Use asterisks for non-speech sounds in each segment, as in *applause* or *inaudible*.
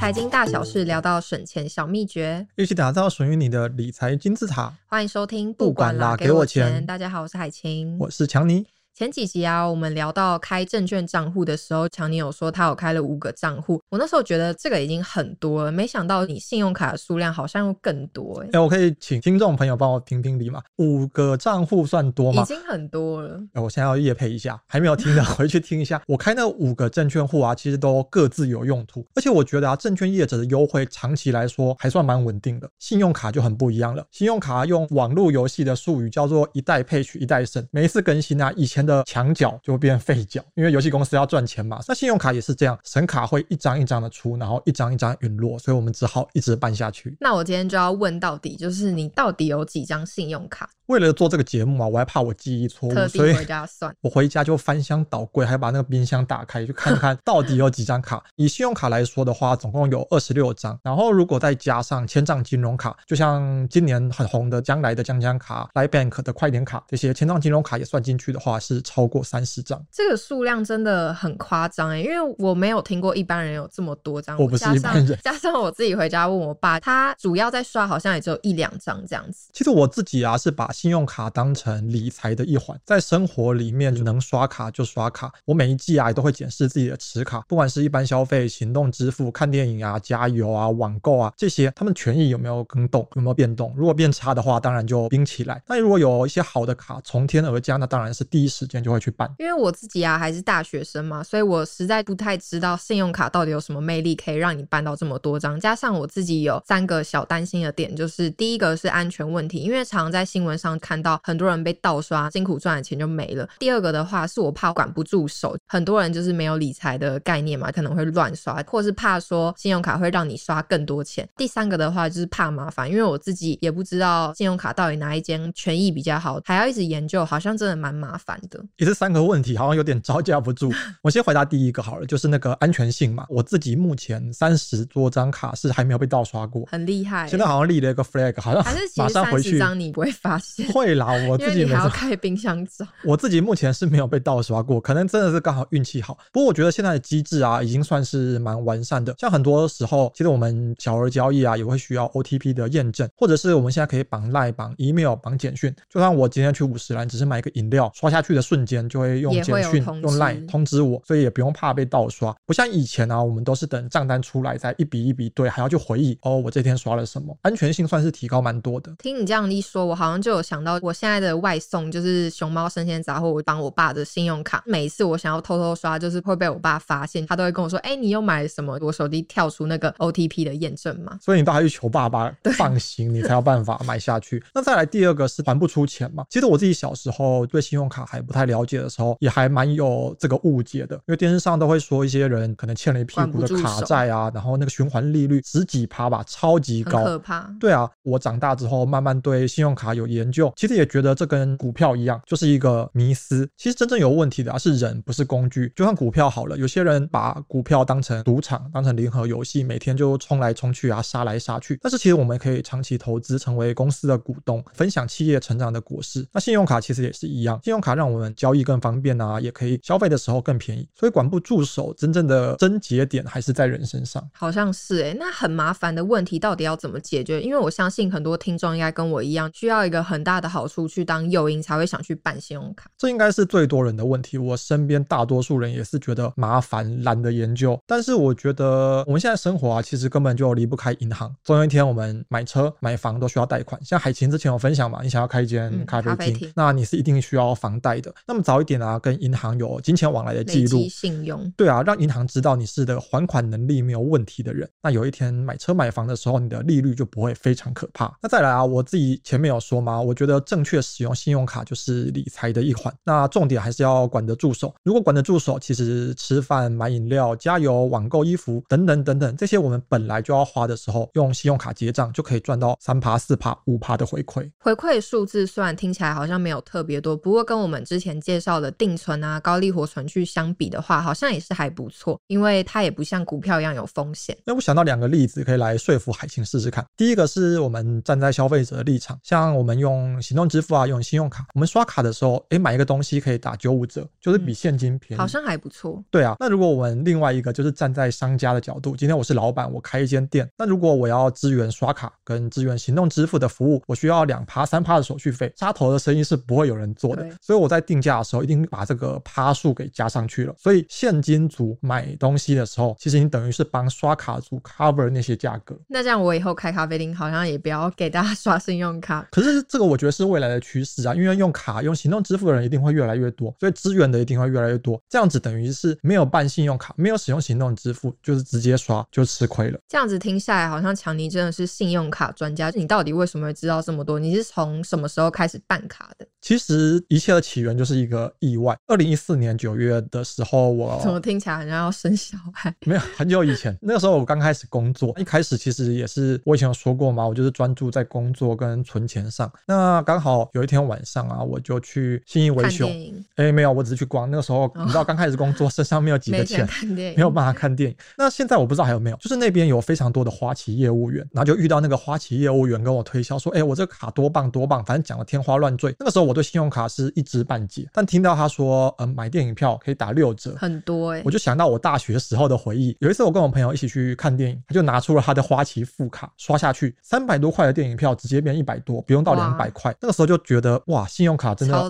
財經大小事，聊到省錢小秘訣，一起打造屬於你的理財金字塔。歡迎收聽，不管啦，給我錢！給我錢。大家好，我是海晴，我是強尼。前幾集啊，我們聊到開證券賬戶的時候，強尼有說他有開了五個賬戶。我那時候覺得這個已經很多了，沒想到你信用卡的數量好像又更多，欸。哎，欸，我可以請聽眾朋友幫我評評理嗎？五個賬戶算多嗎？已經很多了。哎，欸，我現在要業配一下，還沒有聽的回去聽一下。 *laughs* 我開那五個證券戶啊，其實都各自有用途，而且我覺得啊，證券業者的優惠長期來說還算蠻穩定的。信用卡就很不一樣了，信用卡用網絡遊戲的術語叫做“一代配取，一代剩”。每一次更新啊，以前。的牆角就會變廢角，因為遊戲公司要賺錢嘛。那信用卡也是這樣，神卡會一張一張的出，然後一張一張隕落，所以我們只好一直辦下去。那我今天就要問到底，就是你到底有幾張信用卡？為了做這個節目嘛、啊，我還怕我記憶錯誤，所以我回家算，我回家就翻箱倒櫃，還把那個冰箱打開就看看到底有幾張卡。 *laughs* 以信用卡來說的話，總共有二十六張，然後如果再加上簽帳金融卡，就像今年很紅的將來的將將卡，LINE Bank 的快點卡這些簽帳金融卡也算進去的話，是超過三十張，這個數量真的很誇張哎，因為我沒有聽過一般人有這麼多張。我不是一般人。加上，加上我自己回家問我爸，他主要在刷好像也只有一兩張這樣子。其實我自己啊是把信用卡當成理財的一環，在生活裡面能刷卡就刷卡。我每一季啊也都會檢視自己的持卡，不管是一般消費、行動支付、看電影啊、加油啊、網購啊這些，他們權益有沒有更動、有沒有變動？如果變差的話，當然就冰起來。那如果有一些好的卡從天而降，那當然是第一時時間就會去辦，因為我自己啊還是大學生嘛，所以我實在不太知道信用卡到底有什麼魅力，可以讓你辦到這麼多張。加上我自己有三個小擔心的點，就是第一個是安全問題，因為常在新聞上看到很多人被盜刷，辛苦賺的錢就沒了。第二個的話是我怕管不住手，很多人就是沒有理財的概念嘛，可能會亂刷，或是怕說信用卡會讓你刷更多錢。第三個的話就是怕麻煩，因為我自己也不知道信用卡到底哪一間權益比較好，還要一直研究，好像真的蠻麻煩。也是三個問題，好像有點招架不住。我先回答第一個好了，就是那個安全性嘛。我自己目前三十多張卡是還沒有被盜刷過，很厲害、欸。現在好像立了一個 flag，好像還是馬上回去，你不會發現。會，發現會啦，我自己沒有開冰箱找、啊。我自己目前是沒有被盜刷過，可能真的是剛好運氣好。不過我覺得現在的機制啊，已經算是蠻完善的。像很多時候，其實我們小額交易啊，也會需要 OTP 的驗證，或者是我們現在可以綁賴、e、綁 email、綁簡訊。就像我今天去五十嵐，只是買一個飲料，刷下去的。瞬間就會用簡訊用 Line 通知我，所以也不用怕被盜刷。不像以前啊，我們都是等賬單出來再一筆一筆對，還要去回憶哦，我這天刷了什麼，安全性算是提高蠻多的。聽你這樣一說，我好像就有想到我現在的外送，就是熊貓生鮮雜貨，我幫我爸的信用卡，每一次我想要偷偷刷，就是會被我爸發現，他都會跟我說：“哎、欸，你又買了什麼？”我手機跳出那個 OTP 的驗證嘛，所以你都還去求爸爸放行，對 你才有辦法買下去。 *laughs* 那再來第二個是還不出錢嘛？其實我自己小時候對信用卡還。不太了解的時候，也還蠻有這個誤解的，因為電視上都會說一些人可能欠了一屁股的卡債啊，然後那個循環利率十幾趴吧，超級高，可怕。對啊，我長大之後慢慢對信用卡有研究，其實也覺得這跟股票一樣，就是一個迷思。其實真正有問題的啊是人，不是工具。就像股票好了，有些人把股票當成賭場，當成零和遊戲，每天就衝來衝去啊，殺來殺去。但是其實我們可以長期投資，成為公司的股東，分享企業成長的果實。那信用卡其實也是一樣，信用卡讓我。交易更方便啊，也可以消費的時候更便宜，所以管不住手，真正的癥結點還是在人身上，好像是哎、欸，那很麻煩的問題到底要怎麼解決？因為我相信很多聽眾應該跟我一樣，需要一個很大的好處去當誘因，才會想去辦信用卡。這應該是最多人的問題。我身邊大多數人也是覺得麻煩，懶得研究。但是我覺得我們現在生活啊，其實根本就離不開銀行。總有一天我們買車、買房都需要貸款。像海琴之前有分享嘛，你想要開一間、嗯、咖啡廳，啡那你是一定需要房貸的。那麼早一點啊，跟銀行有金錢往來的記錄，信用。對啊，讓銀行知道你是的還款能力沒有問題的人。那有一天買車買房的時候，你的利率就不會非常可怕。那再來啊，我自己前面有說嘛，我覺得正確使用信用卡就是理財的一環。那重點還是要管得住手。如果管得住手，其實吃飯、買飲料、加油、網購衣服等等等等這些，我們本來就要花的時候，用信用卡結賬就可以賺到三趴、四趴、五趴的回饋。回饋數字算聽起來好像沒有特別多，不過跟我們。之前介紹的定存啊、高利活存去相比的話，好像也是還不錯，因為它也不像股票一樣有風險。那我想到兩個例子可以來說服海晴試試看。第一個是我們站在消費者的立場，像我們用行動支付啊，用信用卡，我們刷卡的時候，誒，買一個東西可以打九五折，就是比現金便宜，嗯、好像還不錯。對啊。那如果我們另外一個就是站在商家的角度，今天我是老闆，我開一間店，那如果我要支援刷卡跟支援行動支付的服務，我需要兩趴三趴的手續費，殺頭的生意是不會有人做的。對所以我在。定價的時候一定把這個趴數給加上去了，所以現金組買東西的時候，其實你等於是幫刷卡組 cover 那些價格。那這樣我以後開咖啡廳好像也不要給大家刷信用卡。可是這個我覺得是未來的趨勢啊，因為用卡、用行動支付的人一定會越來越多，所以支援的一定會越來越多。這樣子等於是沒有辦信用卡、沒有使用行動支付，就是直接刷就吃虧了。這樣子聽下來，好像強尼真的是信用卡專家。你到底為什麼會知道這麼多？你是從什麼時候開始辦卡的？其實一切的起源。就是一個意外。二零一四年九月的時候，我怎麼聽起來很像要生小孩？沒有，很久以前。那個時候我剛開始工作，一開始其實也是我以前有說過嘛，我就是專注在工作跟存錢上。那剛好有一天晚上啊，我就去信義威秀。哎，欸、沒有，我只是去逛。那個時候你知道剛開始工作，身上沒有幾個錢，沒,沒有辦法看電影。那現在我不知道還有沒有，就是那邊有非常多的花旗業務員，然後就遇到那個花旗業務員跟我推銷說：“哎，我這個卡多棒多棒，反正講的天花亂墜。”那個時候我對信用卡是一知半。但聽到他說，呃、嗯，買電影票可以打六折，很多哎、欸，我就想到我大學時候的回憶。有一次我跟我朋友一起去看電影，他就拿出了他的花旗副卡刷下去，三百多塊的電影票直接變一百多，不用到兩百塊。哇那個時候就覺得哇，信用卡真的好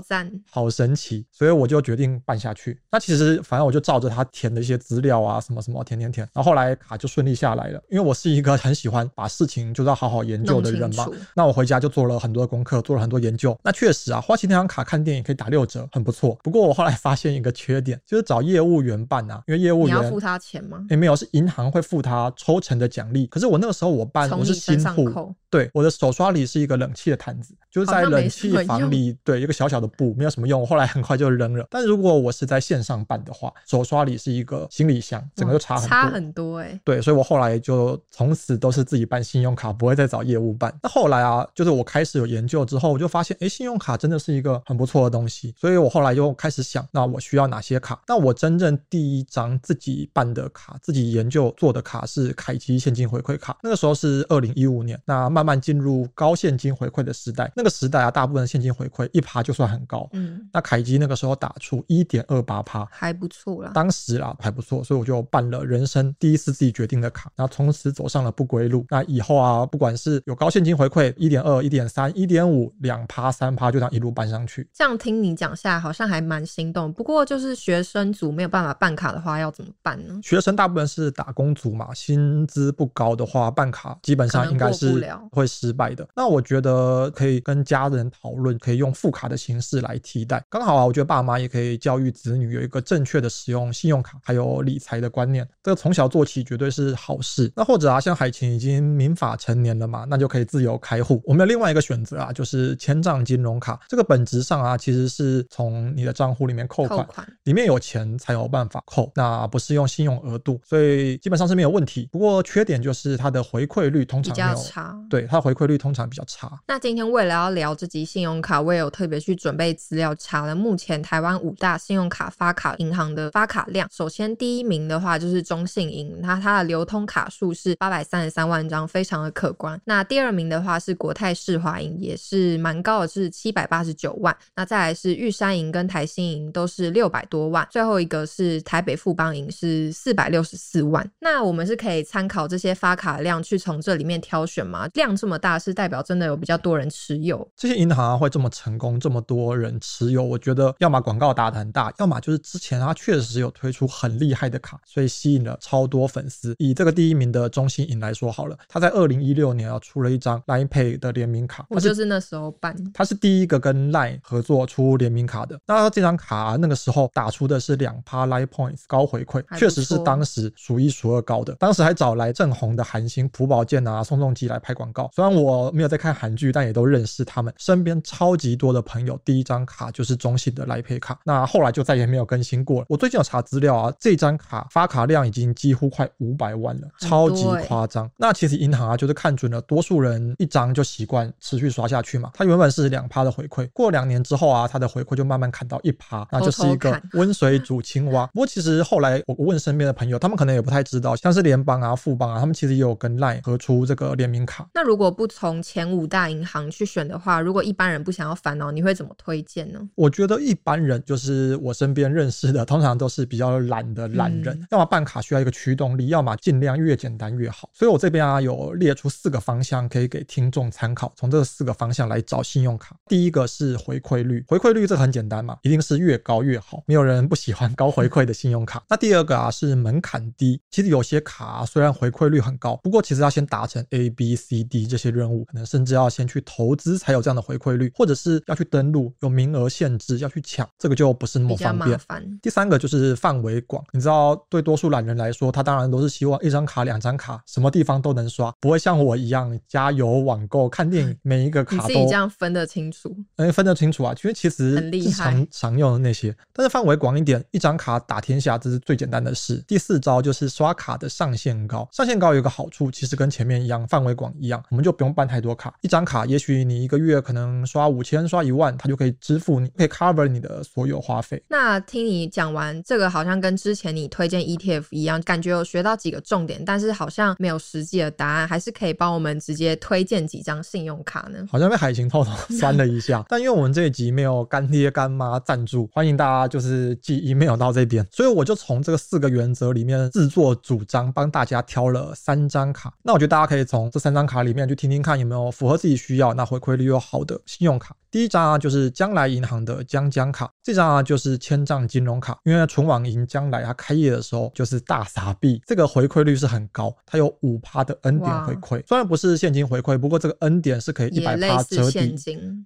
神奇，讚所以我就決定辦下去。那其實反正我就照着他填的一些資料啊，什麼什麼填填填，然後後來卡就順利下來了。因為我是一個很喜歡把事情就是要好好研究的人嘛，那我回家就做了很多功課，做了很多研究。那確實啊，花旗那張卡看電影可以打六。或者很不錯，不過我後來發現一個缺點，就是找業務員辦啊，因為業務員你要付他錢嗎？哎，沒有，是銀行會付他抽成的獎勵。可是我那個時候我辦，上扣？我是新戶，對，我的首刷禮是一個冷氣的壇子，就是在冷氣房裡，對，一個小小的布，沒有什麼用。我後來很快就扔了。但如果我是在線上辦的話，首刷禮是一個行李箱，整個就差很多，差很多哎，欸。對，所以我後來就從此都是自己辦信用卡，不會再找業務辦。那後來啊，就是我開始有研究之後，我就發現，哎，信用卡真的是一個很不錯的東西。所以我後來又開始想，那我需要哪些卡？那我真正第一張自己辦的卡，自己研究做的卡是凱基現金回饋卡。那個時候是二零一五年，那慢慢進入高現金回饋的時代。那個時代啊，大部分現金回饋一趴就算很高。嗯，那凱基那個時候打出一點二八趴，還不錯啦。當時啊還不錯，所以我就辦了人生第一次自己決定的卡。那從此走上了不歸路。那以後啊，不管是有高現金回饋一點二、一點三、一點五兩趴、三趴，就這樣一路辦上去。這樣聽你。講下好像還蠻心動，不過就是學生族沒有辦法辦卡的話，要怎麼辦呢？學生大部分是打工族嘛，薪資不高的話，辦卡基本上應該是會失敗的。那我覺得可以跟家人討論，可以用副卡的形式來替代。剛好啊，我覺得爸媽也可以教育子女有一個正確的使用信用卡還有理財的觀念，這個從小做起絕對是好事。那或者啊，像海晴已經民法成年了嘛，那就可以自由開戶。我們有另外一個選擇啊，就是簽帳金融卡，這個本質上啊，其實是。是從你的賬戶裡面扣款，扣款裡面有錢才有辦法扣，那不是用信用額度，所以基本上是沒有問題。不過缺點就是它的回饋率，率通常比較差，對，它回饋率通常比較差。那今天為了要聊這集信用卡，我也有特別去準備資料，查了目前台灣五大信用卡發卡銀行的發卡量。首先第一名的話就是中信銀，那它的流通卡數是八百三十三萬張，非常的可觀。那第二名的話是國泰世華銀，也是蠻高的，是七百八十九萬。那再來是玉山銀跟台新銀都是六百多萬，最後一個是台北富邦銀是四百六十四萬。那我們是可以參考這些發卡量去從這裡面挑選嗎？量這麼大是代表真的有比較多人持有？這些銀行、啊、會這麼成功，這麼多人持有？我覺得要麼廣告打得很大，要麼就是之前他確實有推出很厲害的卡，所以吸引了超多粉絲。以這個第一名的中信銀來說好了，他在二零一六年要出了一張 Line Pay 的聯名卡，我就是那時候辦，他是第一個跟 Line 合作出。聯名卡的，那這張卡、啊、那個時候打出的是兩趴 line points 高回饋，確實是當時數一數二高的。當時還找來正紅的韓星朴寶劍啊、宋仲基來拍廣告。雖然我沒有在看韓劇，嗯、但也都認識他們。身邊超級多的朋友，第一張卡就是中信的 Line Pay 卡。那後來就再也沒有更新過了。我最近有查資料啊，這張卡發卡量已經幾乎快五百萬了，超級誇張。欸、那其實銀行啊，就是看準了多數人一張就習慣，持續刷下去嘛。它原本是兩趴的回饋，過兩年之後啊，它的回饋就慢慢砍到一趴，那就是一個溫水煮青蛙。 *laughs* 不過其實後來我問身邊的朋友，他們可能也不太知道，像是聯邦啊、富邦啊，他們其實也有跟 Line 合出這個聯名卡。那如果不從前五大銀行去選的話，如果一般人不想要煩惱，你會怎麼推薦呢？我覺得一般人就是我身邊認識的，通常都是比較懶的懶人，嗯，要麼辦卡需要一個驅動力，要麼盡量越簡單越好。所以我這邊啊有列出四個方向可以給聽眾參考，從這四個方向來找信用卡。第一個是回饋率，回饋率。這個很簡單嘛，一定是越高越好，沒有人不喜歡高回饋的信用卡。那第二個啊是門檻低，其實有些卡雖然回饋率很高，不過其實要先達成 A、B、C、D 這些任務，可能甚至要先去投資才有這樣的回饋率，或者是要去登錄有名額限制要去搶，這個就不是那麼方便。第三個就是範圍廣，你知道，對多數懶人來說，他當然都是希望一張卡、兩張卡，什麼地方都能刷，不會像我一樣加油、網購、看電影，嗯、每一個卡都你這樣分得清楚，嗯，分得清楚啊，因為其實。很厲害，常常用的那些，但是範圍廣一點，一張卡打天下，這是最簡單的事。第四招就是刷卡的上限高，上限高有一個好處，其實跟前面一樣，範圍廣一樣，我們就不用辦太多卡，一張卡，也許你一個月可能刷五千、刷一萬，它就可以支付你，可以 cover 你的所有花費。那聽你講完這個，好像跟之前你推薦 ETF 一樣，感覺有學到幾個重點，但是好像沒有實際的答案，還是可以幫我們直接推薦幾張信用卡呢？那好像被海晴偷偷翻了一下， *laughs* 但因為我們這一集沒有干。乾爹乾媽贊助，歡迎大家就是寄 email 到這邊。所以我就從這個四個原則裡面自作主張幫大家挑了三張卡。那我覺得大家可以從這三張卡裡面去聽聽看有沒有符合自己需要、那回饋率又好的信用卡。第一張啊，就是將來銀行的將將卡；這張啊，就是簽帳金融卡。因為純網銀將來它開業的時候就是大撒幣，這個回饋率是很高，它有五趴的 N 點回饋，哇雖然不是現金回饋，不過這個 N 點是可以一百趴折抵。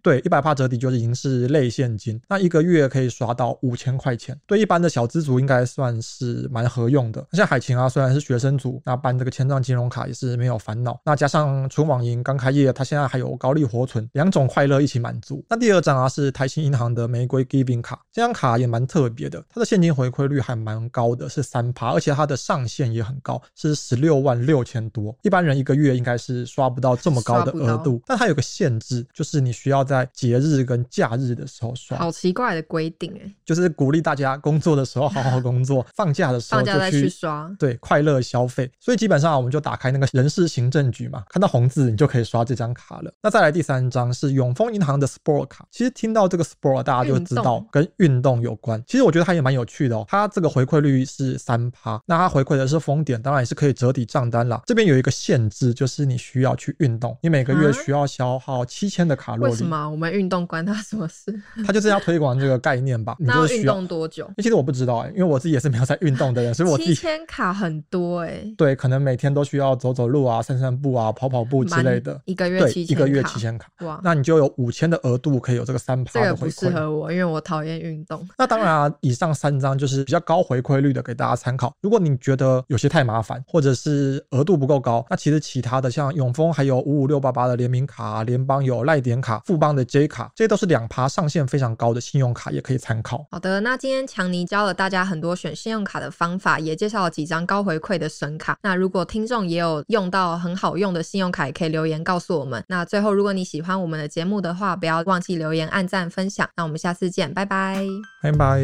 對，一百趴折抵就是已經是類似。現金，那一個月可以刷到五千塊錢，對一般的小資族應該算是蠻合用的。像海晴啊，雖然是學生族，那辦這個簽帳金融卡也是沒有煩惱。那加上純網銀剛開業，它現在還有高利活存，兩種快樂一起滿足。那第二張啊是台新銀行的玫瑰 Giving 卡，這張卡也蠻特別的，它的現金回饋率還蠻高的，是三趴，而且它的上限也很高，是十六萬六千多，一般人一個月應該是刷不到這麼高的額度。但它有個限制，就是你需要在節日跟假日的時候。好奇怪的規定哎，就是鼓勵大家工作的時候好好工作，放假的時候就去刷，對，快樂消費。所以基本上我們就打開那個人事行政局嘛，看到紅字你就可以刷這張卡了。那再來第三張是永豐銀行的 Sport 卡，其實聽到這個 Sport 大家就知道跟運動有關。其實我覺得它也蠻有趣的哦，它這個回饋率是三趴，那它回饋的是豐點，當然也是可以折抵賬單啦。這邊有一個限制，就是你需要去運動，你每個月需要消耗七千的卡路里。為什麼我們運動關他什麼事？他就是要推廣這個概念吧？ *laughs* 那運動多久、欸？其實我不知道、欸，因為我自己也是沒有在運動的人，所以我自己七千卡很多哎、欸，對，可能每天都需要走走路啊、散散步啊、跑跑步之類的。一個月七千卡，一個月七千卡哇，那你就有五千的額度可以有這個三趴的回饋。不適合我，因為我討厭運動。那當然、啊，以上三張就是比較高回饋率的，給大家參考。 *laughs* 如果你覺得有些太麻煩，或者是額度不夠高，那其實其他的像永豐還有五五六八八的聯名卡、聯邦有賴點卡、富邦的 J 卡，這些都是兩趴上限。非常高的信用卡也可以參考。好的，那今天強尼教了大家很多選信用卡的方法，也介紹了幾張高回饋的神卡。那如果聽眾也有用到很好用的信用卡，也可以留言告訴我們。那最後，如果你喜歡我們的節目的話，不要忘記留言、按讚、分享。那我們下次見，拜拜，拜拜。